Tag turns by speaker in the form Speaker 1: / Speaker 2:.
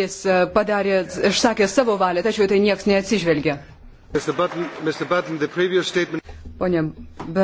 Speaker 1: Jis e, padarė, išsakė savo valią, tačiau tai niekas neatsižvelgia.
Speaker 2: Mr. Button, Mr. Button,
Speaker 1: Pone